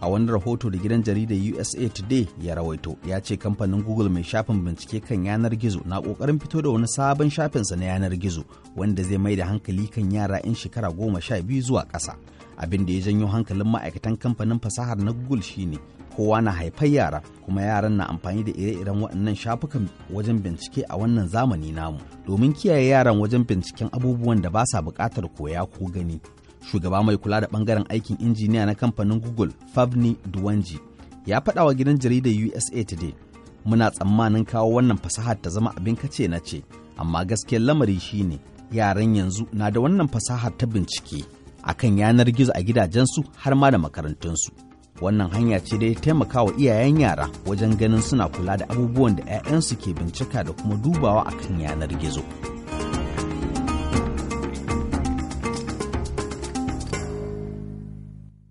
a wani rahoto da gidan jaridar usa today ya rawaito ya ce kamfanin google mai shafin bincike kan yanar gizo na kokarin fito da wani sabon shafinsa na yanar gizo wanda zai mai da hankali kan yara 'yan shekara goma sha biyu zuwa ƙasa abin da ya janyo hankalin ma'aikatan kamfanin fasahar na google shine kowa na haifar yara kuma yaran na amfani da ire-iren waɗannan shafukan wajen bincike a wannan zamani namu domin kiyaye yaran wajen binciken abubuwan da ba sa buƙatar koya ko gani shugaba mai kula da bangaren aikin injiniya na kamfanin google fabni duwanji ya faɗa wa gidan jaridar usa today muna tsammanin kawo wannan fasahar ta zama abin kace na ce amma gaskiyar lamari shine yaran yanzu na da wannan fasahar ta bincike akan yanar gizo a gidajensu har ma da makarantunsu wannan hanya ce da ya taimaka wa iyayen yara wajen ganin suna kula da abubuwan da 'ya'yansu ke bincika da kuma dubawa akan yanar gizo.